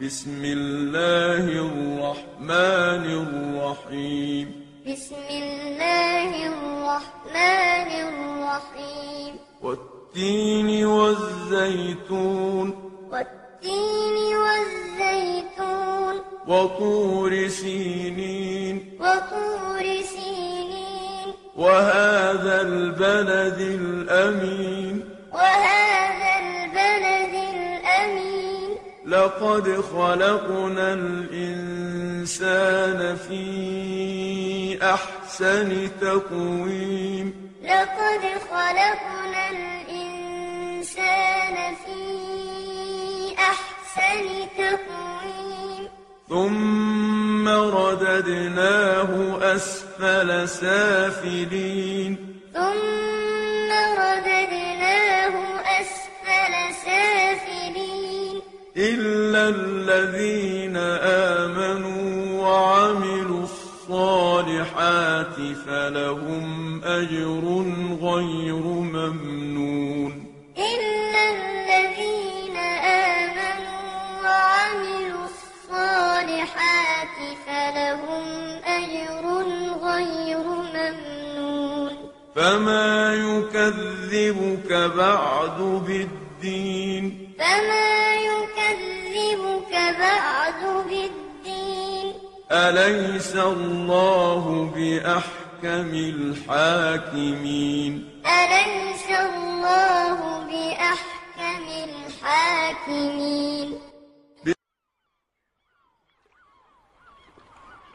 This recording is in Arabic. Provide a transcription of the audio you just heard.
بسم الله الرحمن الرحيم بسم الله الرحمن الرحيم والتين والزيتون والتين والزيتون وطور سينين وطور سينين وهذا البلد الأمين لقد خلقنا الإنسان في أحسن تقويم لقد خلقنا الإنسان في أحسن تقويم ثم رددناه أسفل سافلين ثم إلا الذين آمنوا وعملوا الصالحات فلهم أجر غير ممنون إلا الذين آمنوا وعملوا الصالحات فلهم أجر غير ممنون فما يكذبك بعد بالدين فما أليس الله بأحكم الحاكمين أليس الله بأحكم الحاكمين